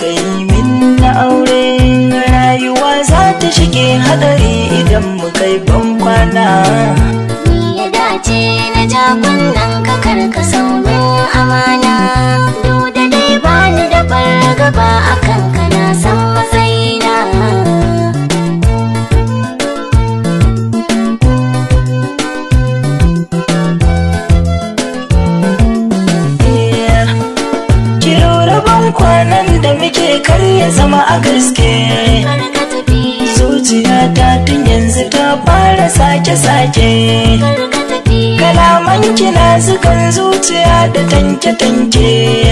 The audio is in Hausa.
kai min na aure rayuwa za ta shige hadari idan mu kai ban kwana ni ya dace na ja kunnan ka karka sauno amana duk da dai bani da fargaba akan ka nan da muke kar ya zama a gaske Zuciyata tun yanzu ta fara sake-sake kalaman kina zukan zuciya da tanke-tanke